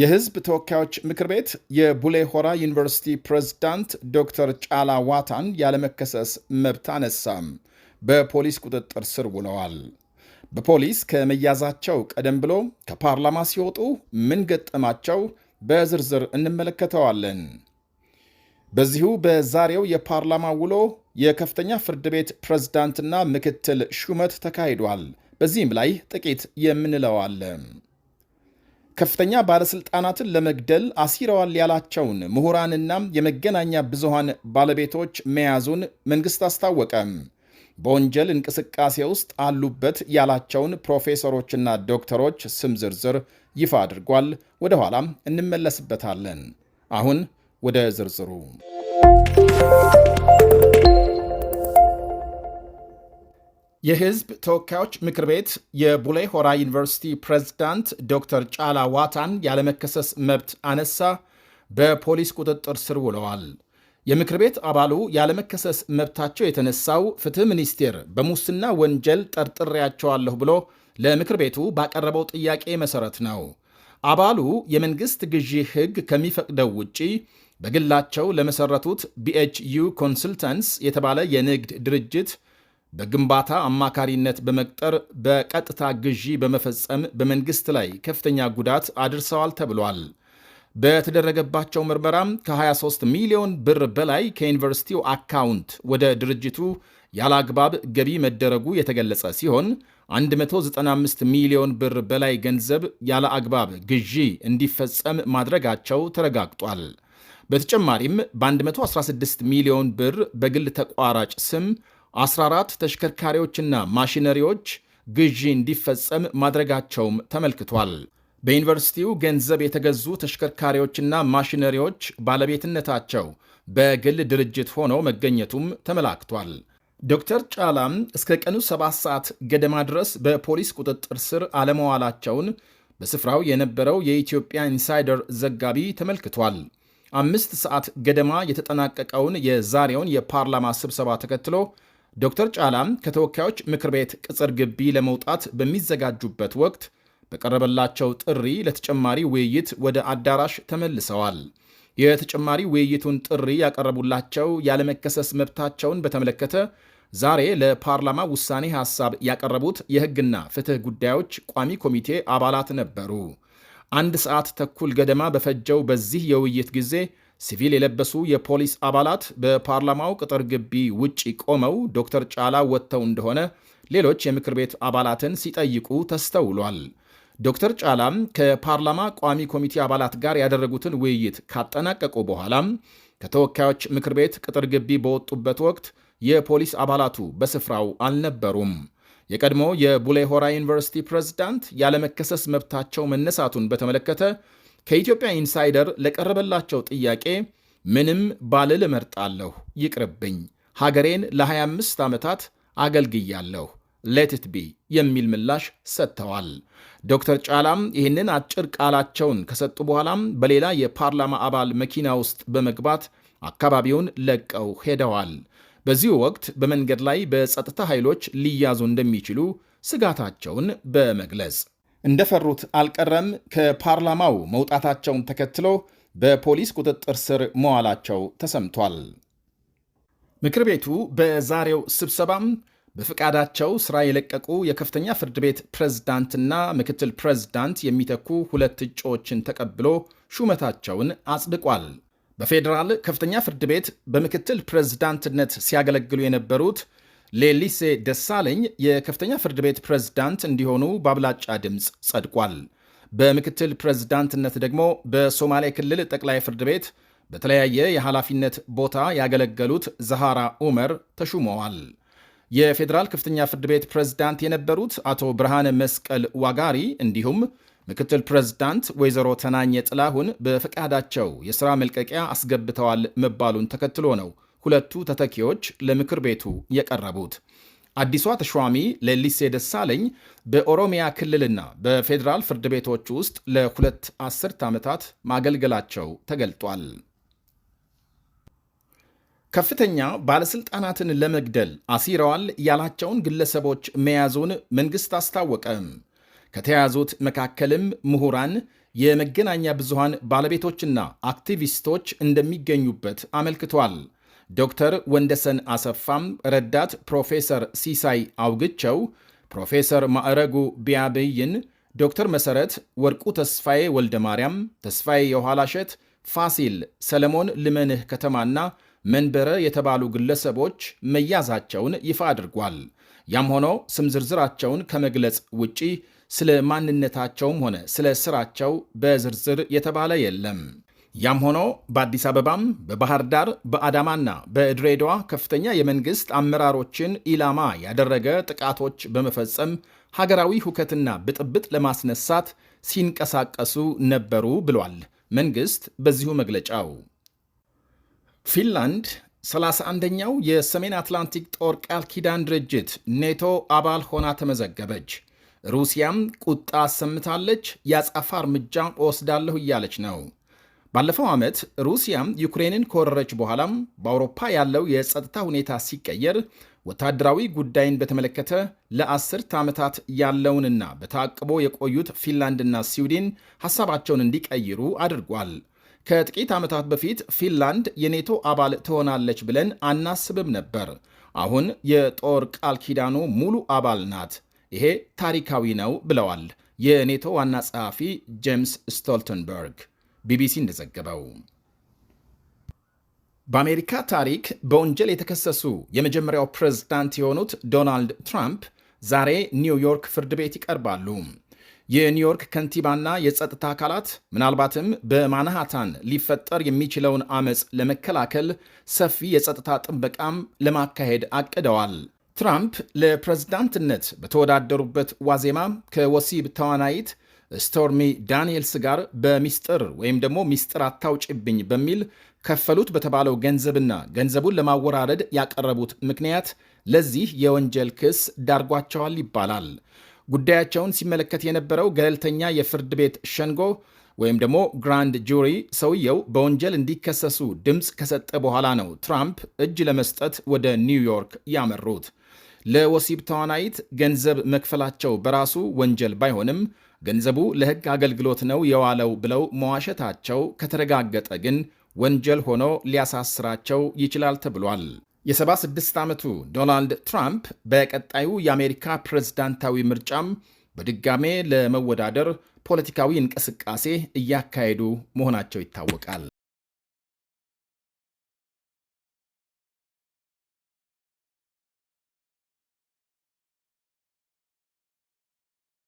የህዝብ ተወካዮች ምክር ቤት የቡሌ ሆራ ዩኒቨርሲቲ ፕሬዝዳንት ዶክተር ጫላ ዋታን ያለመከሰስ መብት አነሳም። በፖሊስ ቁጥጥር ስር ውለዋል። በፖሊስ ከመያዛቸው ቀደም ብሎ ከፓርላማ ሲወጡ ምን ገጠማቸው በዝርዝር እንመለከተዋለን። በዚሁ በዛሬው የፓርላማ ውሎ የከፍተኛ ፍርድ ቤት ፕሬዝዳንትና ምክትል ሹመት ተካሂዷል። በዚህም ላይ ጥቂት የምንለው አለ። ከፍተኛ ባለስልጣናትን ለመግደል አሲረዋል ያላቸውን ምሁራንና የመገናኛ ብዙሃን ባለቤቶች መያዙን መንግሥት አስታወቀ። በወንጀል እንቅስቃሴ ውስጥ አሉበት ያላቸውን ፕሮፌሰሮችና ዶክተሮች ስም ዝርዝር ይፋ አድርጓል። ወደ ኋላም እንመለስበታለን። አሁን ወደ ዝርዝሩ የህዝብ ተወካዮች ምክር ቤት የቡሌ ሆራ ዩኒቨርሲቲ ፕሬዝዳንት ዶክተር ጫላ ዋታን ያለመከሰስ መብት አነሳ። በፖሊስ ቁጥጥር ስር ውለዋል። የምክር ቤት አባሉ ያለመከሰስ መብታቸው የተነሳው ፍትህ ሚኒስቴር በሙስና ወንጀል ጠርጥሬያቸዋለሁ ብሎ ለምክር ቤቱ ባቀረበው ጥያቄ መሰረት ነው። አባሉ የመንግሥት ግዢ ሕግ ከሚፈቅደው ውጪ በግላቸው ለመሠረቱት ቢኤችዩ ኮንስልታንስ የተባለ የንግድ ድርጅት በግንባታ አማካሪነት በመቅጠር በቀጥታ ግዢ በመፈጸም በመንግስት ላይ ከፍተኛ ጉዳት አድርሰዋል ተብሏል። በተደረገባቸው ምርመራም ከ23 ሚሊዮን ብር በላይ ከዩኒቨርሲቲው አካውንት ወደ ድርጅቱ ያለ አግባብ ገቢ መደረጉ የተገለጸ ሲሆን 195 ሚሊዮን ብር በላይ ገንዘብ ያለ አግባብ ግዢ እንዲፈጸም ማድረጋቸው ተረጋግጧል። በተጨማሪም በ116 ሚሊዮን ብር በግል ተቋራጭ ስም 14 ተሽከርካሪዎችና ማሽነሪዎች ግዢ እንዲፈጸም ማድረጋቸውም ተመልክቷል። በዩኒቨርሲቲው ገንዘብ የተገዙ ተሽከርካሪዎችና ማሽነሪዎች ባለቤትነታቸው በግል ድርጅት ሆነው መገኘቱም ተመላክቷል። ዶክተር ጫላም እስከ ቀኑ 7 ሰዓት ገደማ ድረስ በፖሊስ ቁጥጥር ስር አለመዋላቸውን በስፍራው የነበረው የኢትዮጵያ ኢንሳይደር ዘጋቢ ተመልክቷል። አምስት ሰዓት ገደማ የተጠናቀቀውን የዛሬውን የፓርላማ ስብሰባ ተከትሎ ዶክተር ጫላም ከተወካዮች ምክር ቤት ቅጽር ግቢ ለመውጣት በሚዘጋጁበት ወቅት በቀረበላቸው ጥሪ ለተጨማሪ ውይይት ወደ አዳራሽ ተመልሰዋል። የተጨማሪ ውይይቱን ጥሪ ያቀረቡላቸው ያለመከሰስ መብታቸውን በተመለከተ ዛሬ ለፓርላማ ውሳኔ ሐሳብ ያቀረቡት የሕግና ፍትሕ ጉዳዮች ቋሚ ኮሚቴ አባላት ነበሩ። አንድ ሰዓት ተኩል ገደማ በፈጀው በዚህ የውይይት ጊዜ ሲቪል የለበሱ የፖሊስ አባላት በፓርላማው ቅጥር ግቢ ውጪ ቆመው ዶክተር ጫላ ወጥተው እንደሆነ ሌሎች የምክር ቤት አባላትን ሲጠይቁ ተስተውሏል። ዶክተር ጫላም ከፓርላማ ቋሚ ኮሚቴ አባላት ጋር ያደረጉትን ውይይት ካጠናቀቁ በኋላም ከተወካዮች ምክር ቤት ቅጥር ግቢ በወጡበት ወቅት የፖሊስ አባላቱ በስፍራው አልነበሩም። የቀድሞ የቡሌሆራ ዩኒቨርሲቲ ፕሬዝዳንት ያለመከሰስ መብታቸው መነሳቱን በተመለከተ ከኢትዮጵያ ኢንሳይደር ለቀረበላቸው ጥያቄ ምንም ባልል እመርጣለሁ፣ ይቅርብኝ፣ ሀገሬን ለ25 ዓመታት አገልግያለሁ ሌትት ቢ የሚል ምላሽ ሰጥተዋል። ዶክተር ጫላም ይህንን አጭር ቃላቸውን ከሰጡ በኋላም በሌላ የፓርላማ አባል መኪና ውስጥ በመግባት አካባቢውን ለቀው ሄደዋል። በዚሁ ወቅት በመንገድ ላይ በጸጥታ ኃይሎች ሊያዙ እንደሚችሉ ስጋታቸውን በመግለጽ እንደፈሩት አልቀረም። ከፓርላማው መውጣታቸውን ተከትሎ በፖሊስ ቁጥጥር ስር መዋላቸው ተሰምቷል። ምክር ቤቱ በዛሬው ስብሰባም በፈቃዳቸው ስራ የለቀቁ የከፍተኛ ፍርድ ቤት ፕሬዝዳንትና ምክትል ፕሬዝዳንት የሚተኩ ሁለት እጩዎችን ተቀብሎ ሹመታቸውን አጽድቋል። በፌዴራል ከፍተኛ ፍርድ ቤት በምክትል ፕሬዝዳንትነት ሲያገለግሉ የነበሩት ሌሊሴ ደሳለኝ የከፍተኛ ፍርድ ቤት ፕሬዝዳንት እንዲሆኑ በአብላጫ ድምፅ ጸድቋል። በምክትል ፕሬዝዳንትነት ደግሞ በሶማሌ ክልል ጠቅላይ ፍርድ ቤት በተለያየ የኃላፊነት ቦታ ያገለገሉት ዛሃራ ኡመር ተሹመዋል። የፌዴራል ከፍተኛ ፍርድ ቤት ፕሬዝዳንት የነበሩት አቶ ብርሃነ መስቀል ዋጋሪ እንዲሁም ምክትል ፕሬዝዳንት ወይዘሮ ተናኘ ጥላሁን በፈቃዳቸው የሥራ መልቀቂያ አስገብተዋል መባሉን ተከትሎ ነው ሁለቱ ተተኪዎች ለምክር ቤቱ የቀረቡት። አዲሷ ተሿሚ ሌሊሴ ደሳለኝ በኦሮሚያ ክልልና በፌዴራል ፍርድ ቤቶች ውስጥ ለሁለት አስርት ዓመታት ማገልገላቸው ተገልጧል። ከፍተኛ ባለሥልጣናትን ለመግደል አሲረዋል ያላቸውን ግለሰቦች መያዙን መንግሥት አስታወቀም። ከተያዙት መካከልም ምሁራን፣ የመገናኛ ብዙሃን ባለቤቶችና አክቲቪስቶች እንደሚገኙበት አመልክቷል። ዶክተር ወንደሰን አሰፋም ረዳት ፕሮፌሰር ሲሳይ አውግቸው፣ ፕሮፌሰር ማዕረጉ ቢያብይን፣ ዶክተር መሰረት ወርቁ፣ ተስፋዬ ወልደ ማርያም፣ ተስፋዬ የኋላሸት፣ ፋሲል ሰለሞን፣ ልመንህ ከተማና መንበረ የተባሉ ግለሰቦች መያዛቸውን ይፋ አድርጓል። ያም ሆኖ ስም ዝርዝራቸውን ከመግለጽ ውጪ ስለ ማንነታቸውም ሆነ ስለ ስራቸው በዝርዝር የተባለ የለም። ያም ሆኖ በአዲስ አበባም በባህር ዳር በአዳማና በድሬዳዋ ከፍተኛ የመንግስት አመራሮችን ኢላማ ያደረገ ጥቃቶች በመፈጸም ሀገራዊ ሁከትና ብጥብጥ ለማስነሳት ሲንቀሳቀሱ ነበሩ ብሏል መንግስት በዚሁ መግለጫው። ፊንላንድ 31ኛው የሰሜን አትላንቲክ ጦር ቃል ኪዳን ድርጅት ኔቶ አባል ሆና ተመዘገበች። ሩሲያም ቁጣ አሰምታለች፣ ያጻፋ እርምጃ ወስዳለሁ እያለች ነው። ባለፈው ዓመት ሩሲያ ዩክሬንን ከወረረች በኋላም በአውሮፓ ያለው የጸጥታ ሁኔታ ሲቀየር ወታደራዊ ጉዳይን በተመለከተ ለአስርት ዓመታት ያለውንና በታቅቦ የቆዩት ፊንላንድና ስዊድን ሐሳባቸውን እንዲቀይሩ አድርጓል። ከጥቂት ዓመታት በፊት ፊንላንድ የኔቶ አባል ትሆናለች ብለን አናስብም ነበር። አሁን የጦር ቃል ኪዳኑ ሙሉ አባል ናት። ይሄ ታሪካዊ ነው ብለዋል የኔቶ ዋና ጸሐፊ ጄምስ ስቶልተንበርግ። ቢቢሲ እንደዘገበው። በአሜሪካ ታሪክ በወንጀል የተከሰሱ የመጀመሪያው ፕሬዝዳንት የሆኑት ዶናልድ ትራምፕ ዛሬ ኒውዮርክ ፍርድ ቤት ይቀርባሉ። የኒውዮርክ ከንቲባና የጸጥታ አካላት ምናልባትም በማንሃታን ሊፈጠር የሚችለውን አመፅ ለመከላከል ሰፊ የጸጥታ ጥበቃም ለማካሄድ አቅደዋል። ትራምፕ ለፕሬዝዳንትነት በተወዳደሩበት ዋዜማ ከወሲብ ተዋናይት ስቶርሚ ዳንኤልስ ጋር በሚስጥር ወይም ደግሞ ሚስጥር አታውጭብኝ በሚል ከፈሉት በተባለው ገንዘብና ገንዘቡን ለማወራረድ ያቀረቡት ምክንያት ለዚህ የወንጀል ክስ ዳርጓቸዋል ይባላል። ጉዳያቸውን ሲመለከት የነበረው ገለልተኛ የፍርድ ቤት ሸንጎ ወይም ደግሞ ግራንድ ጁሪ ሰውየው በወንጀል እንዲከሰሱ ድምፅ ከሰጠ በኋላ ነው ትራምፕ እጅ ለመስጠት ወደ ኒውዮርክ ያመሩት። ለወሲብ ተዋናይት ገንዘብ መክፈላቸው በራሱ ወንጀል ባይሆንም ገንዘቡ ለሕግ አገልግሎት ነው የዋለው ብለው መዋሸታቸው ከተረጋገጠ ግን ወንጀል ሆኖ ሊያሳስራቸው ይችላል ተብሏል። የ76 ዓመቱ ዶናልድ ትራምፕ በቀጣዩ የአሜሪካ ፕሬዝዳንታዊ ምርጫም በድጋሜ ለመወዳደር ፖለቲካዊ እንቅስቃሴ እያካሄዱ መሆናቸው ይታወቃል።